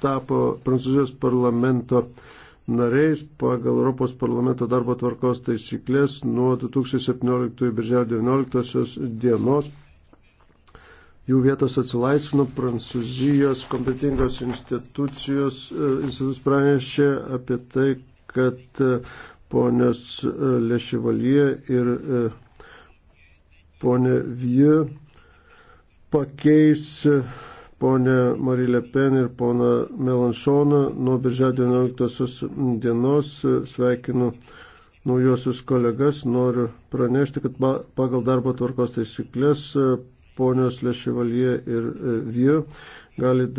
tapo Prancūzijos parlamento nariais pagal Europos parlamento darbo tvarkos taisyklės nuo 2017 birželio 19 dienos. Jų vietos atsilaisvino Prancūzijos kompetingos institucijos, e, institucijos pranešė apie tai, kad e, ponios e, Lešivalie ir ponė Vie pakeis ponę Marilę Pen ir poną Melanšoną nuo birželio 19 dienos. Sveikinu naujosius kolegas. Noriu pranešti, kad pagal darbo tvarkos taisyklės ponios Leševalie ir e, Vie gali